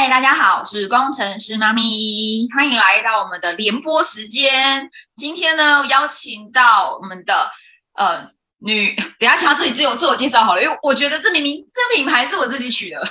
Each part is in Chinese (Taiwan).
嗨，大家好，我是工程師媽咪，歡迎來到我們的聯播時間。今天呢，邀請到我們的呃女，等下請到自己自我自我介紹好了，因為我覺得這明明這名品牌是我自己取的，Oh.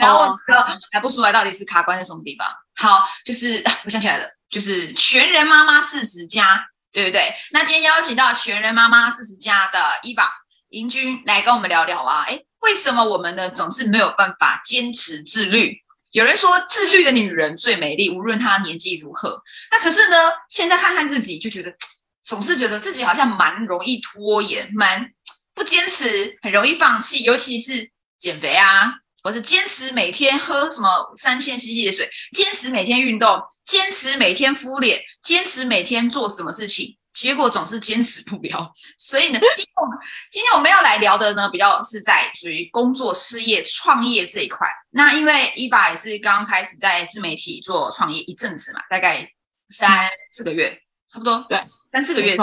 然後我、這個 Oh. 還不出來到底是卡關在什麼地方。好，就是我想起來了，就是全人媽媽四十家，對不對？那今天邀請到全人媽媽四十家的伊娃銀君來跟我們聊聊啊，哎，為什麼我們呢總是沒有辦法堅持自律？有人說自律的女人最美麗，無論她年紀如何。那可是呢？現在看看自己，就覺得總是覺得自己好像蠻容易拖延，蠻不堅持，很容易放棄。尤其是減肥啊，或是堅持每天喝什麼三千 cc 的水，堅持每天運動，堅持每天敷臉，堅持每天做什麼事情。結果總是堅持不了，所以呢，今天我們要來聊的呢，比較是在屬於工作、事業、創業這一塊。那因為 Eva 也是剛剛開始在自媒體做創業一陣子嘛，大概三四個月，嗯、差不多，對，三四個月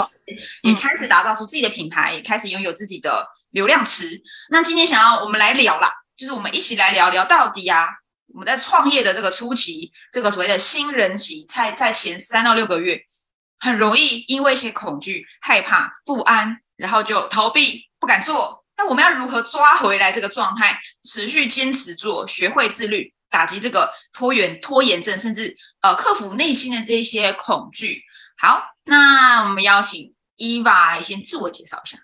也開始打造出自己的品牌，也開始擁有自己的流量池。那今天想要我們來聊啦，就是我們一起來聊聊到底啊，我們在創業的這個初期，這個所謂的新人期，在在前三到六個月。很容易因為一些恐懼、害怕、不安，然後就逃避，不敢做。那我們要如何抓回來這個狀態，持續堅持做，學會自律，打擊這個拖延拖延症，甚至呃克服內心的這些恐懼？好，那我們邀請 Eva 先自我介紹一下。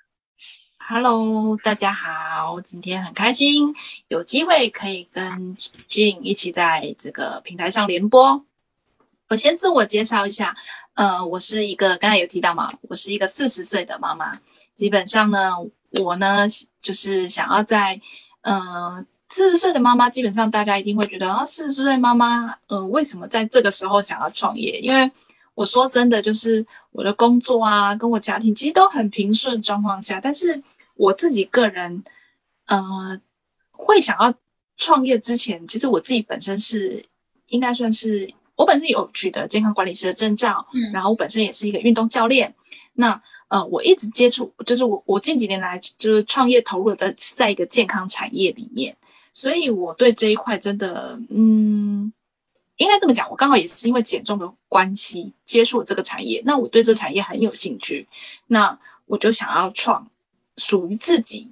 Hello，大家好，今天很開心有機會可以跟 Jean 一起在這個平台上聯播。我先自我介紹一下。呃，我是一個剛才有提到嘛，我是一個四十歲的媽媽。基本上呢，我呢就是想要在，嗯、呃，四十歲的媽媽，基本上大家一定會覺得啊，四十歲媽媽，呃，為什麼在這個時候想要創業？因為我說真的，就是我的工作啊，跟我家庭其實都很平順狀況下，但是我自己個人，呃，會想要創業之前，其實我自己本身是應該算是。我本身有取得健康管理師的證照，嗯，然後我本身也是一個運動教練，那呃，我一直接觸，就是我我近幾年來就是創業投入的是在一個健康產業裡面，所以我對這一塊真的，嗯，應該這麼講，我剛好也是因為減重的關係接觸了這個產業，那我對這產業很有興趣，那我就想要創屬於自己，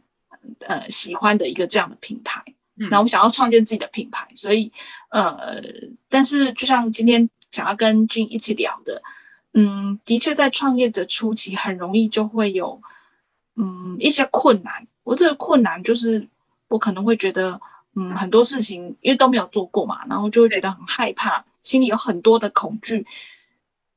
呃，喜歡的一個這樣的平台。然後我想要創建自己的品牌，嗯，所以，呃，但是就像今天想要跟君一起聊的，嗯，的確在創業者初期很容易就會有，嗯，一些困難。我這個困難就是我可能會覺得，嗯，很多事情因為都沒有做過嘛，嗯、然後就會覺得很害怕，心裡有很多的恐懼，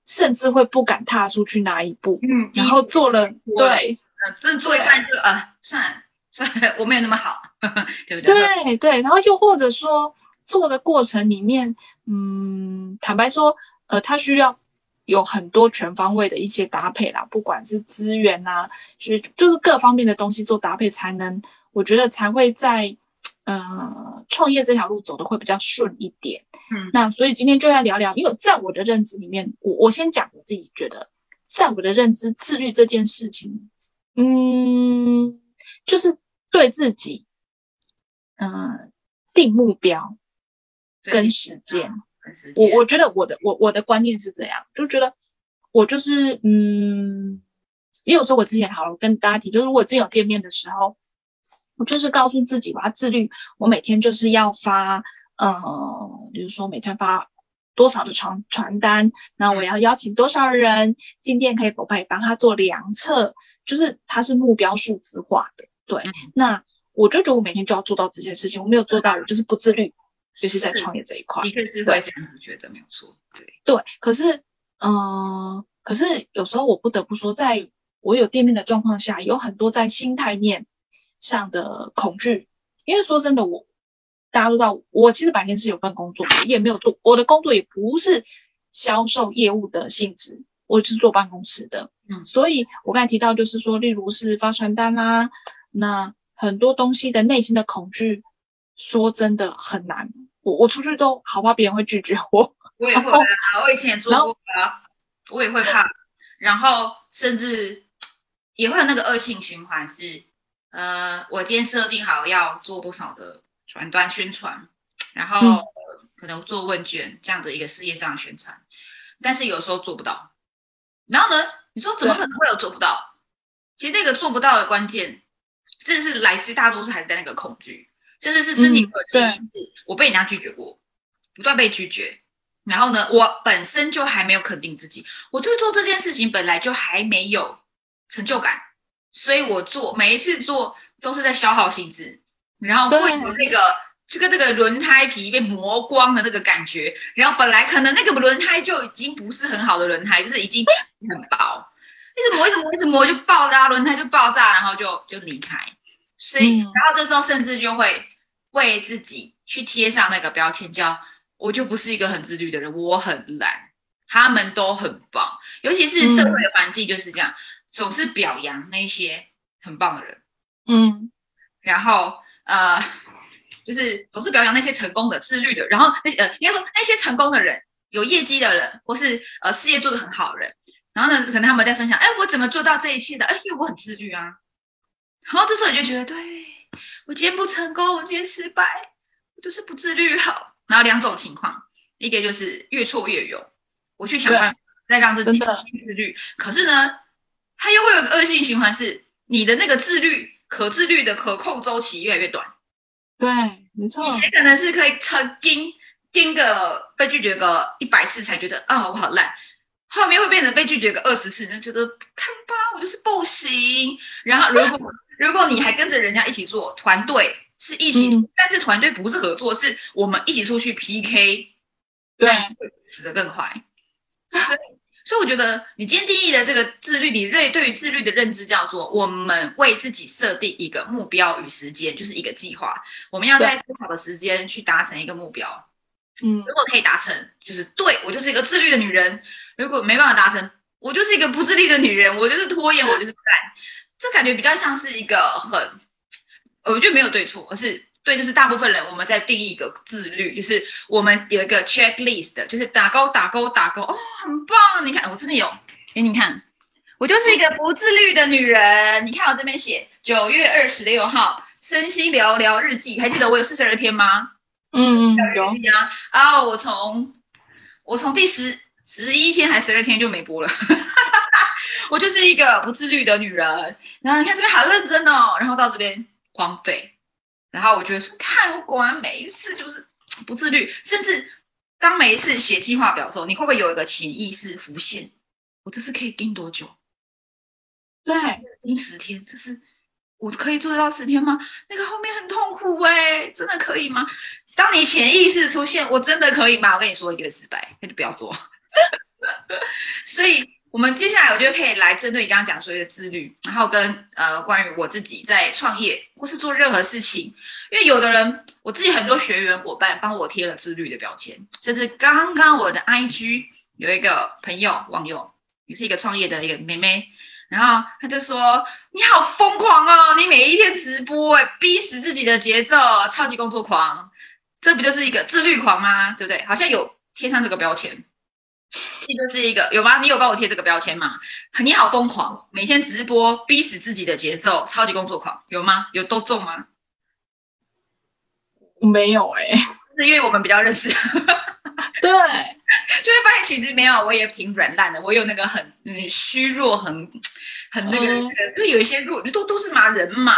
甚至會不敢踏出去那一步。嗯，然後做了，了對，嗯、真的做一半就啊，算了，算了，我沒有那麼好。 對不對？對對，然後又或者說做的過程裡面，嗯，坦白說，呃，他需要有很多全方位的一些搭配啦，不管是資源吶、啊，是就是各方面的東西做搭配，才能我覺得才會在呃創業這條路走得會比較順一點。嗯，那所以今天就要聊聊，因為我在我的認知裡面，我我先講我自己覺得，在我的認知，自律這件事情，嗯，就是對自己。嗯、呃，定目標跟時間、啊、跟時間，我我覺得我的我我的觀念是這樣，就覺得我就是嗯，也有說我之前好了，跟大家提，就是如果自己有店面的時候，我就是告訴自己我要自律，我每天就是要發，嗯、呃，比如說每天發多少的傳傳單，那我要邀請多少人進店，可以不可以幫他做量測？就是它是目標數字化的，對、嗯、那。我就覺得我每天就要做到這件事情，我沒有做到，我就是不自律，就是在創業這一塊，的確是會這樣子覺得，沒有錯，對對。可是，嗯、呃，可是有時候我不得不說，在我有店面的狀況下，有很多在心態面上的恐懼。因為說真的我，我大家都知道，我其實白天是有份工作的，也沒有做我的工作，也不是銷售業務的性質，我就是坐辦公室的，嗯。所以我剛才提到，就是說，例如是發傳單啦、啊，那。很多東西的內心的恐懼，說真的很難。我我出去都好怕別人會拒絕我。我也會、啊，我以前也做過了，然後啊，我也會怕，然後甚至也會有那個惡性循環是，是呃，我今天設定好要做多少的傳單宣傳，然後可能做問卷這樣的一個事業上的宣傳，但是有時候做不到。然後呢，你說怎麼可能會有做不到？其實那個做不到的關鍵。甚至是來自大多數還是在那個恐懼，甚至是身體、嗯。對，我被人家拒絕過，不斷被拒絕。然後呢，我本身就還沒有肯定自己，我就做這件事情本來就還沒有成就感，所以我做每一次做都是在消耗心智，然後會有那個就跟那個輪胎皮被磨光的那個感覺。然後本來可能那個輪胎就已經不是很好的輪胎，就是已經很薄，一直磨，一直磨，一直磨就爆炸， 輪胎就爆炸，然後就就離開。所以、嗯，然後這時候甚至就會為自己去貼上那個標籤叫，叫我就不是一個很自律的人，我很懶。他們都很棒，尤其是社會環境就是這樣、嗯，總是表揚那些很棒的人，嗯，然後呃，就是總是表揚那些成功的、自律的。然後那呃，應該說那些成功的人、有業績的人，或是呃事業做得很好的人，然後呢，可能他們在分享，哎，我怎麼做到這一切的？哎，因為我很自律啊。然後這時候你就覺得，對，我今天不成功，我今天失敗，我就是不自律好。然後兩種情況，一個就是越挫越勇，我去想辦法再讓自己去自律。真的。可是呢，他又會有個惡性循環是，是你的那個自律可自律的可控週期越來越短。對，沒錯。你也可能是可以撐，撐個被拒絕個一百次才覺得，啊、哦，我好爛。後面會變成被拒絕個二十次，你就覺得看吧，我就是不行。然後如果如果你還跟着人家一起做團隊是一起、嗯，但是團隊不是合作，是我們一起出去 PK，對，死得更快。啊、所以，所以我覺得你今天定義的這個自律，你對對於自律的認知叫做我們為自己設定一個目標與時間，就是一個計劃，我們要在多少的時間去達成一個目標。嗯，如果可以達成，就是對，我就是一個自律的女人。如果沒辦法達成，我就是一個不自律的女人。我就是拖延，我就是不幹。 這感覺比較像是一個很……我覺得沒有對錯，而是對，就是大部分人我們在定義一個自律，就是我們有一個 checklist，的就是打勾打勾打勾，哦，很棒！你看，我這邊有給你看，我就是一個不自律的女人。你看我這邊寫九月二十六號身心聊聊日記，還記得我有四十二天嗎？嗯，有啊、嗯。啊，我從我從第十。十一天還是十二天就沒播了， 我就是一個不自律的女人。然後你看這邊好認真哦，然後到這邊荒廢。然後我覺得說看我果然每一次就是不自律，甚至當每一次寫計劃表的時候，你會不會有一個潛意識浮現？我這次可以盯多久？對，盯十天，這是我可以做得到十天嗎？那個後面很痛苦哎、欸，真的可以嗎？當你潛意識出現，我真的可以嗎？我跟你說一個失敗，那就不要做。 所以，我們接下來我就可以來針對你剛剛講所謂的自律，然後跟呃關於我自己在創業或是做任何事情，因為有的人，我自己很多學員夥伴幫我貼了自律的標籤，甚至剛剛我的 IG 有一個朋友網友，也是一個創業的一個妹妹，然後她就說，你好瘋狂哦，你每一天直播哎、欸、逼死自己的節奏，超級工作狂，這不就是一個自律狂嗎？對不對？好像有貼上這個標籤。這就是一個，有嗎？你有幫我貼這個標籤嗎？你好瘋狂，每天直播逼死自己的節奏，超級工作狂，有嗎？有都中嗎？沒有哎、欸，是因為我們比較認識。對， 就會發現其實沒有，我也挺軟爛的。我有那個很嗯虛弱，很很那個、嗯，就有一些弱，都都是嘛人嘛。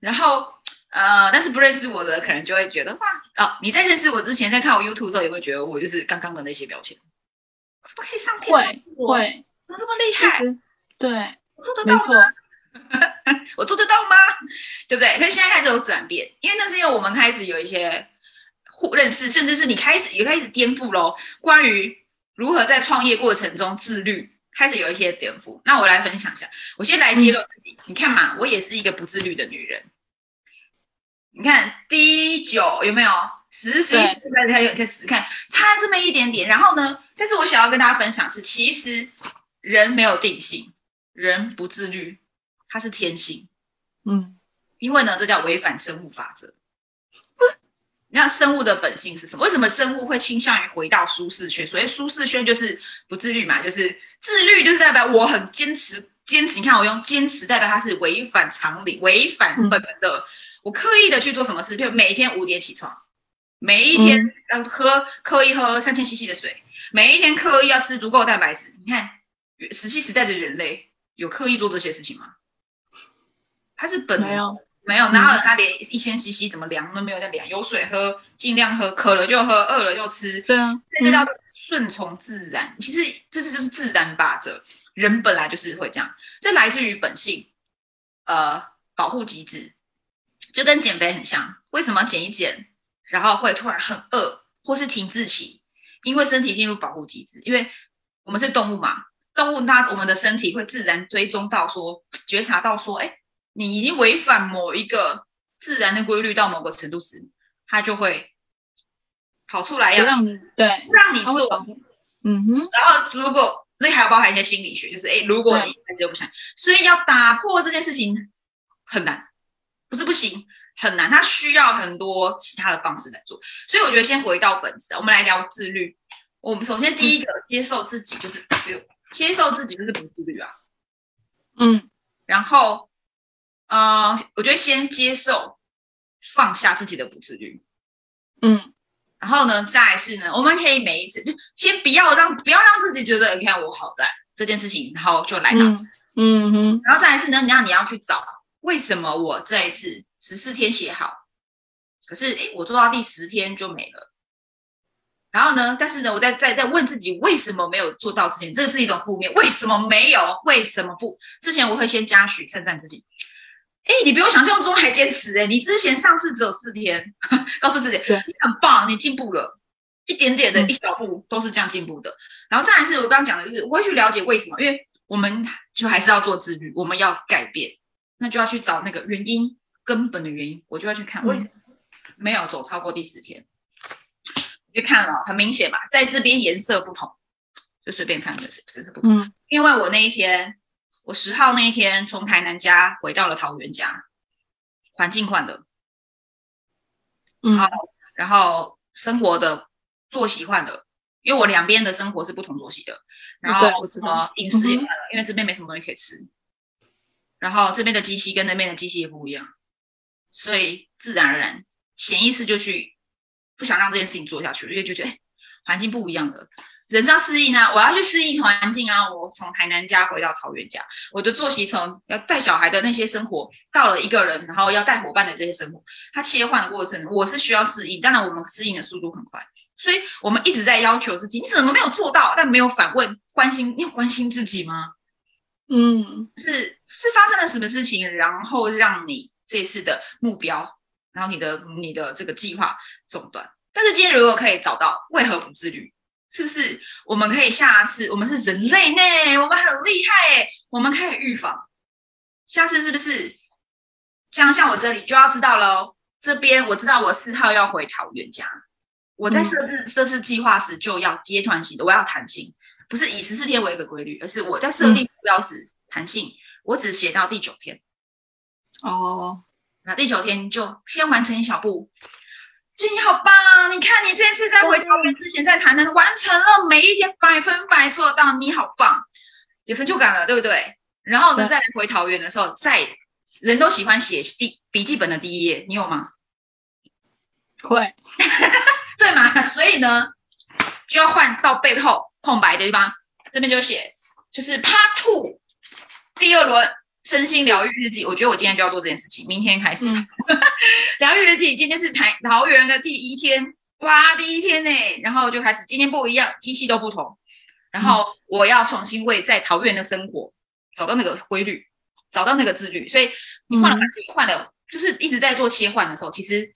然後呃，但是不認識我的可能就會覺得哇哦，你在認識我之前，在看我 YouTube 的時候也會覺得我就是剛剛的那些標籤。我怎麼可以上天、啊？怎麼這麼厲害？對，我做得到嗎？ 我做得到嗎？對不對？可是現在開始有轉變，因為那是因為我們開始有一些互認識，甚至是你開始也開始顛覆咯。關於如何在創業過程中自律，開始有一些顛覆。那我來分享一下，我先來揭露自己。你看嘛，我也是一個不自律的女人。你看 D 九有沒有？實試，再再有再試試看，差這麼一點點。然後呢，但是我想要跟大家分享是，其實人沒有定性，人不自律，它是天性。嗯，因為呢，這叫違反生物法則。你看，生物的本性是什麼？為什麼生物會傾向於回到舒適圈？所以舒適圈就是不自律嘛，就是自律就是代表我很堅持，堅持。你看，我用堅持代表它是違反常理，違反本能的，嗯。我刻意的去做什麼事，就每天五點起床。每一天要喝，嗯、刻意喝三千 CC 的水，每一天刻意要吃足夠的蛋白質。你看，史前時代的人類有刻意做這些事情嗎？他是本能，沒有，沒有。然後他連一千 CC 怎麼量都沒有在量，嗯、有水喝盡量喝，渴了就喝，餓了就吃。對啊，這叫順從自然、嗯。其實這是就是自然法則，人本來就是會這樣，這來自於本性，呃，保護機制，就跟減肥很像。為什麼減一減？然後會突然很餓，或是停滯期，因為身體進入保護機制。因為我們是動物嘛，動物它我們的身體會自然追蹤到說，覺察到說，哎，你已經違反某一個自然的規律到某個程度時，它就會跑出來要讓，對，讓你做。嗯哼。然後如果那還要包含一些心理學，就是哎，如果你你就不想，所以要打破這件事情很難，不是不行。很難，他需要很多其他的方式來做，所以我覺得先回到本質，我們來聊自律。我們首先第一個、嗯、接受自己，就是、嗯、接受自己就是不自律啊，嗯，然後，呃，我覺得先接受放下自己的不自律，嗯，然後呢，再來是呢，我們可以每一次就先不要讓不要讓自己覺得，你看我好在這件事情，然後就來了嗯，嗯哼，然後再來是呢，你讓你要去找為什麼我這一次。十四天寫好，可是誒我做到第十天就沒了。然後呢，但是呢，我在在在問自己為什麼沒有做到之前，這個是一種負面，為什麼沒有？為什麼不？之前我會先嘉許稱讚自己，誒你比我想象中還堅持誒、欸、你之前上次只有四天，告訴自己、yeah. 你很棒，你進步了一點點的一小步都是這樣進步的。然後再來是我剛剛講的就是我會去了解為什麼，因為我們就還是要做自律，我們要改變，那就要去找那個原因。根本的原因，我就要去看，為什麼沒有走超過第十天？去看了，很明顯嘛，在這邊顏色不同，就隨便看的，顏色不同。嗯，因為我那一天，我十號那一天從台南家回到了桃園家，環境換了，嗯，然後，然後生活的作息換了，因為我兩邊的生活是不同作息的，然後、哦、對我知道飲食也換了、嗯，因為這邊沒什麼東西可以吃，然後這邊的機器跟那邊的機器也不一樣。所以自然而然，潛意識就去不想讓這件事情做下去了，因為就覺得、哎、環境不一樣了，人是要適應啊，我要去適應環境啊。我從台南家回到桃園家，我的作息從要帶小孩的那些生活，到了一個人，然後要帶夥伴的這些生活，它切換的過程，我是需要適應。當然，我們適應的速度很快，所以我們一直在要求自己，你怎麼沒有做到？但沒有反問關心，你要關心自己嗎？嗯，是是發生了什麼事情，然後讓你。這一次的目標，然後你的你的這個計劃中斷。但是今天如果可以找到為何不自律，是不是我們可以下次我們是人類呢？我們很厲害誒，我們可以預防。下次是不是像像我這裡就要知道嘍？這邊我知道我四號要回桃園家、嗯，我在設置設置計劃時就要階段性的，我要彈性，不是以十四天為一個規律，而是我在設定目標時、嗯、彈性，我只寫到第九天。哦，那第九天就先完成一小步。姐，你好棒啊！你看你這次在回桃園之前在台南，完成了每一天百分百做到，你好棒，有成就感了，對不對？然後呢，再回桃園的時候，再人都喜歡寫第筆記本的第一頁，你有嗎？會， 對嘛？所以呢，就要換到背後空白的地方，這邊就寫，就是 Part Two，第二輪。身心療癒日記，我覺得我今天就要做這件事情，明天開始療、嗯、 癒日記。今天是台桃園的第一天，哇，第一天呢、欸，然後就開始，今天不一樣，機器都不同，然後我要重新為在桃園的生活找到那個規律，找到那個自律。所以你換了環境、嗯，換了就是一直在做切換的時候，其實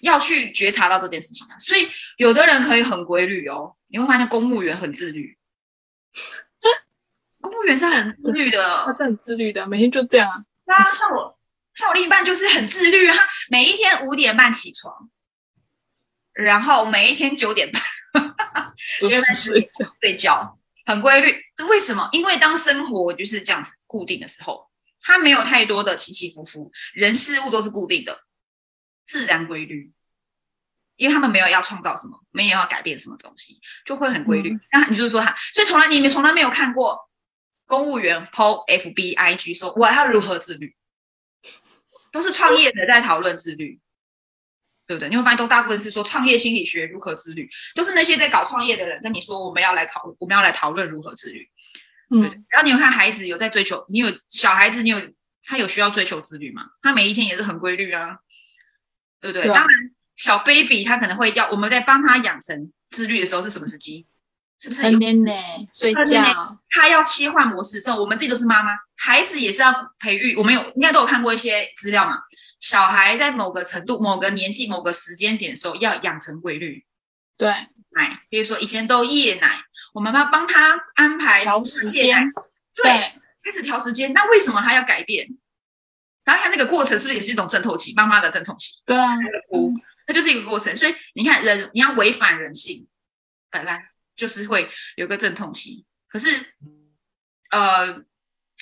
要去覺察到這件事情啊。所以有的人可以很規律哦，你會發現公務員很自律。公務員是很自律的，他是很自律的，每天就這樣。啊，那像我，像我另一半就是很自律，啊，他每一天五點半起床，然後每一天九點半九點半睡覺，睡覺很規律。為什麼？因為當生活就是這樣子固定的時候，他沒有太多的起起伏伏，人事物都是固定的，自然規律。因為他們沒有要創造什麼，沒有要改變什麼東西，就會很規律。那，嗯啊、你就是說他，所以從來你們從來沒有看過。公務員 PO FB IG 說：“我要如何自律？”都是創業的在討論自律，對不對？你會發現，都大部分是說創業心理學如何自律，都是那些在搞創業的人跟你說：“我們要來考，我們要來討論如何自律。嗯”嗯，然後你有看孩子有在追求？你有小孩子？你有他有需要追求自律嗎？他每一天也是很規律啊，對不對？對啊。當然，小 baby 他可能會要，我們在幫他養成自律的時候是什麼時機？是不是？睡覺，他要切換模式。所以，我們自己都是媽媽，孩子也是要培育。我們有應該都有看過一些資料嘛？小孩在某個程度、某個年紀、某個時間點的時候要養成規律。對，奶、哎，比如說以前都夜奶，我們要幫他安排調時間對。對，開始調時間。那為什麼他要改變？然後他那個過程是不是也是一種陣痛期？媽媽的陣痛期。對啊，哭、嗯嗯，那就是一個過程。所以你看人，人你要違反人性，本來。就是會有個陣痛期，可是，呃，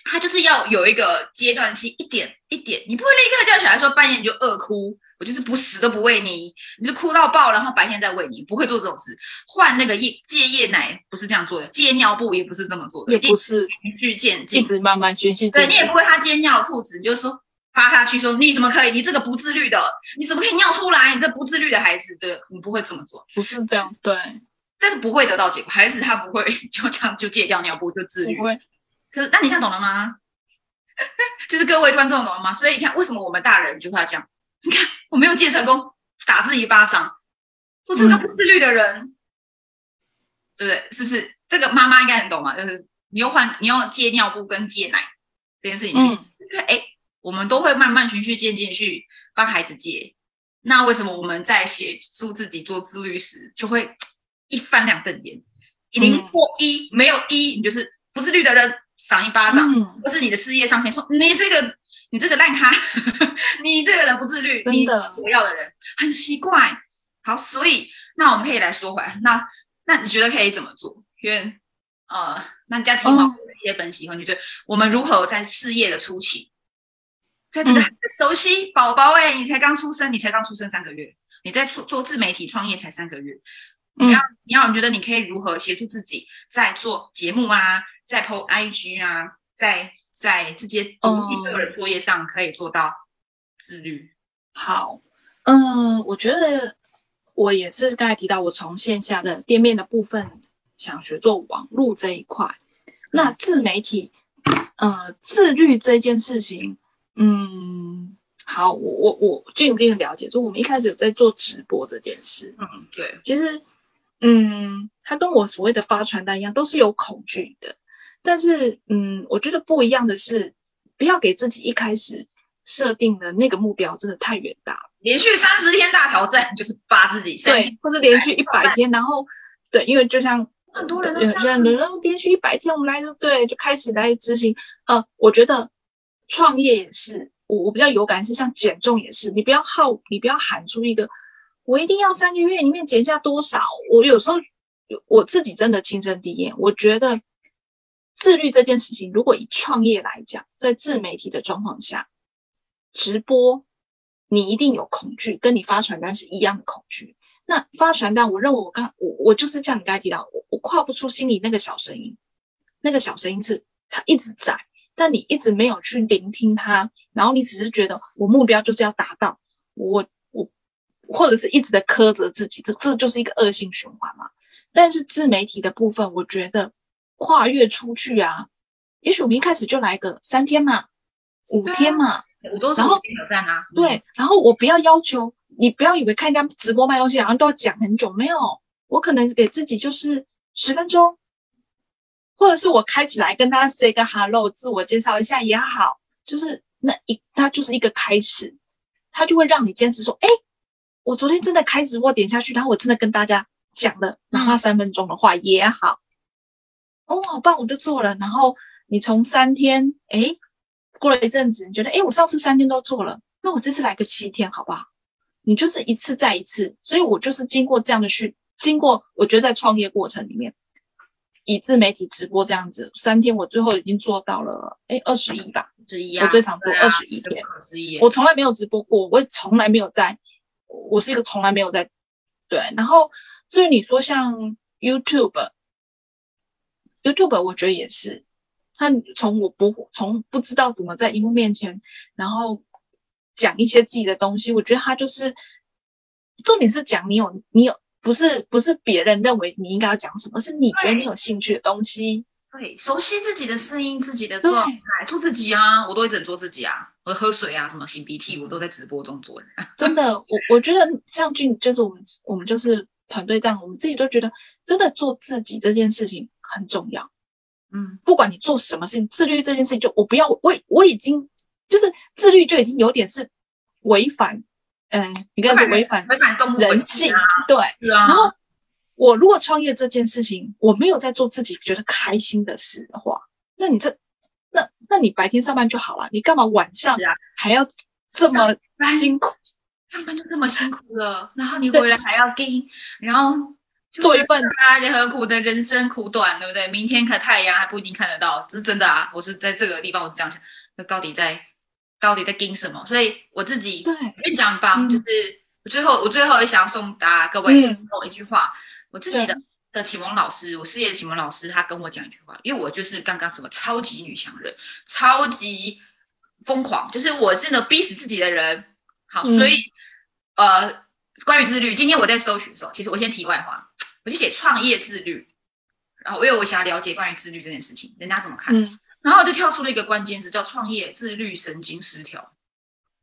他就是要有一個階段性，一點一點。你不會立刻叫小孩說半夜你就餓哭，我就是不死都不餵你，你就哭到爆，然後白天再餵你，不會做這種事。換那個夜戒夜奶不是這樣做的，戒尿布也不是這麼做的，也不是循序漸進，一直慢慢循序漸進。對你也不會他今天尿褲子，你就說趴下去說你怎麼可以，你這個不自律的，你怎麼可以尿出來，你這不自律的孩子，對你不會這麼做，不是這樣，對。但是不會得到結果，孩子他不會就這樣就戒掉尿布就自律，不會。可是那你這樣懂了嗎？ 就是各位觀眾懂了嗎？所以你看為什麼我們大人就要這樣？你看我沒有戒成功，打自己一巴掌，我是個不自律的人、嗯，對不對？是不是？這個媽媽應該很懂嘛？就是你要換，你要戒尿布跟戒奶這件事情哎、嗯欸，我們都會慢慢循序漸進去幫孩子戒。那為什麼我們在寫書自己做自律時就會？一翻兩瞪眼，零或一，嗯、沒有一，你就是不自律的人，賞一巴掌、嗯，或是你的事業上線說你這個你這個爛咖， 你這個人不自律，的你不要的人很奇怪。好，所以那我們可以來說回來，那那你覺得可以怎麼做？因為呃那你庭老師一些分析後，你覺得我們如何在事業的初期，嗯、在這個熟悉，寶寶哎、欸，你才剛出生，你才剛出生三個月，你在做做自媒體創業才三個月。你要，你要，你覺得你可以如何協助自己在做節目啊，在 PO IG 啊，在在這些獨立或者作業上可以做到自律？嗯、好，嗯、呃，我覺得我也是剛才提到，我從線下的店面的部分想學做網絡這一塊。那自媒體，呃，自律這件事情，嗯，好，我我我，據我這邊了解，就我們一開始有在做直播這件事，嗯，對，其實。嗯，他跟我所謂的發傳單一樣，都是有恐懼的。但是，嗯，我覺得不一樣的是，不要給自己一開始設定的那個目標真的太遠大了。連續三十天大挑戰，就是把自己對，或者連續一百天辦辦，然後對，因為就像很多人都，都人人連續一百天，我們來的對，就開始來執行。呃，我覺得創業也是，我我比較有感是，像減重也是，你不要耗，你不要喊出一個。我一定要三個月裡面減下多少？我有時候我自己真的親身體驗，我覺得自律這件事情，如果以創業來講，在自媒體的狀況下，直播，你一定有恐懼，跟你發傳單是一樣的恐懼。那發傳單，我認為我剛我我就是像你剛才提到，我我跨不出心裡那個小聲音，那個小聲音是它一直在，但你一直沒有去聆聽它，然後你只是覺得我目標就是要達到我。或者是一直在苛責自己，這這就是一個惡性循環嘛。但是自媒體的部分，我覺得跨越出去啊，也許我們一開始就來個三天嘛、五天嘛，啊、然後我都、啊嗯、對，然後我不要要求你，不要以為看人家直播賣東西好像都要講很久，沒有，我可能給自己就是十分鐘，或者是我開起來跟大家 say 個 hello，自我介紹一下也好，就是那一他就是一個開始，他就會讓你堅持說，哎。我昨天真的開直播點下去，然後我真的跟大家講了，哪怕三分鐘的話也好。哦，好棒，我就做了。然後你從三天，哎、欸，過了一陣子，你覺得哎、欸，我上次三天都做了，那我這次來個七天好不好？你就是一次再一次，所以我就是經過這樣的去，經過我覺得在創業過程裡面，以自媒體直播這樣子，三天我最後已經做到了，哎、欸，二十一吧，二十一、啊，我最常做二十一天，二十一、啊，我從來沒有直播過，我也從來沒有在。我是一個從來沒有在對，然後至於你說像 YouTube，YouTube 我覺得也是，他從我不從不知道怎麼在熒幕面前，然後講一些自己的東西，我覺得他就是重點是講你有你有，不是不是別人認為你應該要講什麼，是你覺得你有興趣的東西。對，熟悉自己的聲音，自己的狀態，做自己啊，我都會整做自己啊。我喝水啊，什麼擤鼻涕，我都在直播中做人。真的，我我覺得像俊，就是我們我們就是團隊這樣，我們自己都覺得，真的做自己這件事情很重要。嗯，不管你做什麼事情，自律這件事情就我不要，我我已經就是自律就已經有點是違反，嗯、呃，你剛才說違反違反人性，反反、啊、人性對。啊、然後我如果創業這件事情，我沒有在做自己覺得開心的事的話，那你這。那你白天上班就好了，你幹嘛晚上呀，還要這麼辛苦上？上班就這麼辛苦了，然後你回來還要給 然後做一份，人何苦的人生苦短，對不對？明天可太陽還不一定看得到，這是真的啊！我是在這個地方，我這樣想，到底在到底在跟什麼？所以我自己院長吧、嗯，就是最後我最後也想要送達各位說、嗯、一句話，我自己的。嗯的啟蒙老師，我事業的啟蒙老師，他跟我講一句話，因為我就是剛剛什麼超級女強人，超級瘋狂，就是我是能逼死自己的人。好，嗯、所以呃，關於自律，今天我在搜尋的時候，其實我先題外話，我就寫創業自律，然後因為我想了解關於自律這件事情，人家怎麼看？嗯、然後我就跳出了一個關鍵字，叫創業自律神經失調，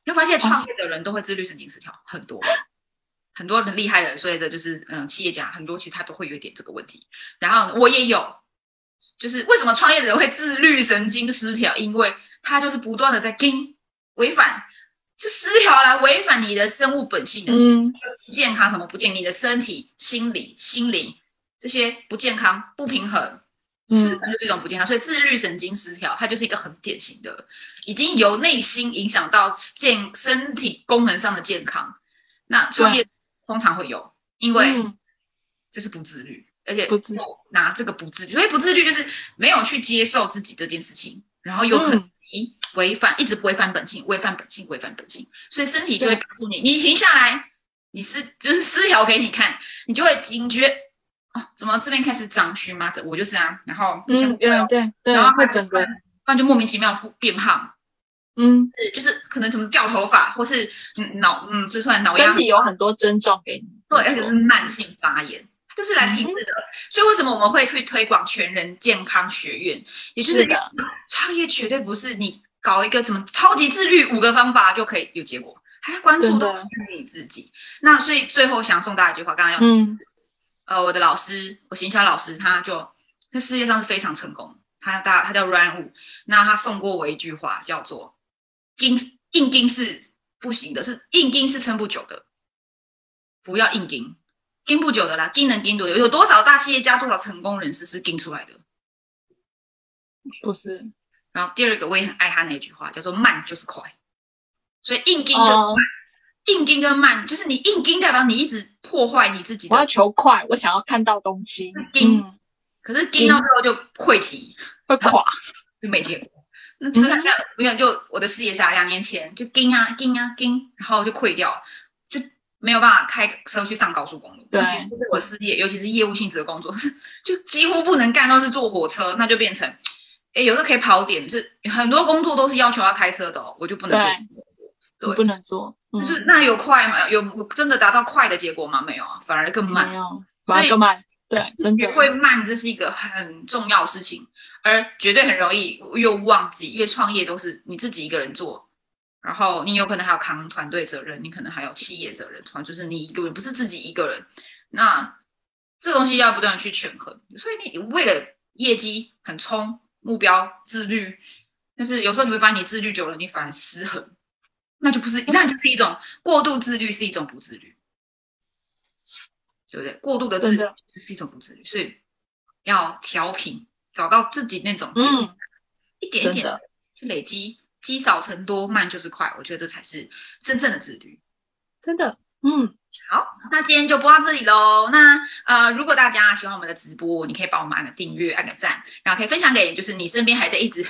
你會發現創業的人都會自律神經失調很多。哦很多人很厲害的，所以的就是嗯，企業家，很多，其實他都會有一點這個問題。然後我也有，就是為什麼創業的人會自律神經失調？因為他就是不斷的在跟違反，就失調了，違反你的生物本性的、嗯、不健康，什麼不健康？你的身體、心理、心靈這些不健康、不平衡，嗯，是這種不健康。所以自律神經失調，它就是一個很典型的，已經由內心影響到健身體功能上的健康。那創業、嗯。通常會有，因為就是不自律，嗯、而且拿這個不自,不自律，所以不自律就是沒有去接受自己這件事情，然後又很違違反，嗯、一直違反本性，違反本性，違反本性，所以身體就會告訴你，你停下來，你是就是失調給你看，你就會警覺、啊、怎麼這邊開始長蕁麻疹？這我就是啊，然後嗯，後對對,對，然後會整個，不然就莫名其妙變胖。嗯，就是可能什麼掉頭髮，或是腦嗯，追出來腦壓。身體有很多症狀給你。對，而且是慢性發炎，嗯、就是來停止的。所以為什麼我們會去推廣全人健康學院？也就是創業絕對不是你搞一個什麼超級自律五個方法就可以有結果，還關注的是你自己。那所以最後想送大家一句話，剛剛要嗯，呃，我的老師，我行銷老師他，他就在世界上是非常成功。他大他叫 Ryan Wu，那他送過我一句話叫做，硬硬盯是不行的，是硬盯是撐不久的，不要硬盯，盯不久的啦，盯能盯多久？有多少大企業家、多少成功人士是盯出來的？不是。然後第二個，我也很愛他那句話，叫做“慢就是快”，所以硬盯跟、哦、硬盯跟慢，就是你硬盯代表你一直破壞你自己。我要求快，我想要看到東西。嗯。嗯可是盯到最後就會停、嗯，會垮，就沒結果。那車很沒有，就我的事業啥，兩年前就跌啊跌啊跌，然後就潰掉，就沒有辦法開車去上高速公路。對，尤其是我事業，尤其是業務性質的工作，就幾乎不能幹，都是坐火車，那就變成，誒、欸，有個可以跑點，就是很多工作都是要求要開車的哦，我就不能做，對，對不能做，嗯、就是那有快嗎？有真的達到快的結果嗎？沒有啊，反而更慢，沒有，反而更慢。對真的，會慢，這是一個很重要事情，而絕對很容易又忘記，因為創業都是你自己一個人做，然後你有可能還要扛團隊責任，你可能還有企業責任，就是你一個人不是自己一個人，那這東西要不斷的去權衡，所以你為了業績很衝，目標自律，但、就是有時候你會發現你自律久了，你反而失衡，那就不是，那就是一種過度自律，是一種不自律。對不對？過度的自律是一種不自律，所以要調頻，找到自己那種自嗯，一點一點去累積，積少成多，慢就是快。我覺得這才是真正的自律。真的，嗯，好，那今天就播到這裡嘍。那呃，如果大家喜歡我們的直播，你可以幫我們按個訂閱、按個讚，然後可以分享給就是你身邊還在一直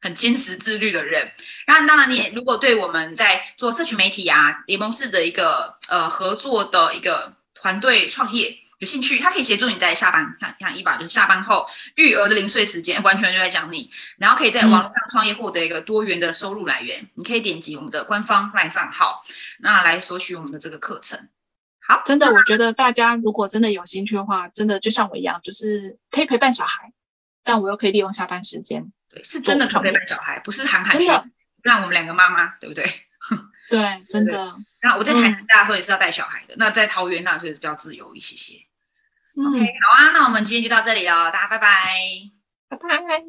很堅持自律的人。然後當然，你也如果對我們在做社群媒體啊聯盟式的一個呃合作的一個。團隊創業有興趣，他可以協助你在下班看看，看一把就是下班後育兒的零碎時間，完全就在講你，然後可以在網絡上創業，獲得一個多元的收入來源。嗯，你可以點擊我們的官方 LINE 賬號那來索取我們的這個課程。好，真的媽媽，我覺得大家如果真的有興趣的話，真的就像我一樣，就是可以陪伴小孩，但我又可以利用下班時間，對，是真的可以陪伴小孩，不是喊喊說，讓我們兩個媽媽，對不對？對，真的。 對那、啊、我在台南大的時候也是要帶小孩的，嗯、那在桃園那就是比較自由一些些、嗯。OK，好啊，那我們今天就到這裡了，大家拜拜，拜拜。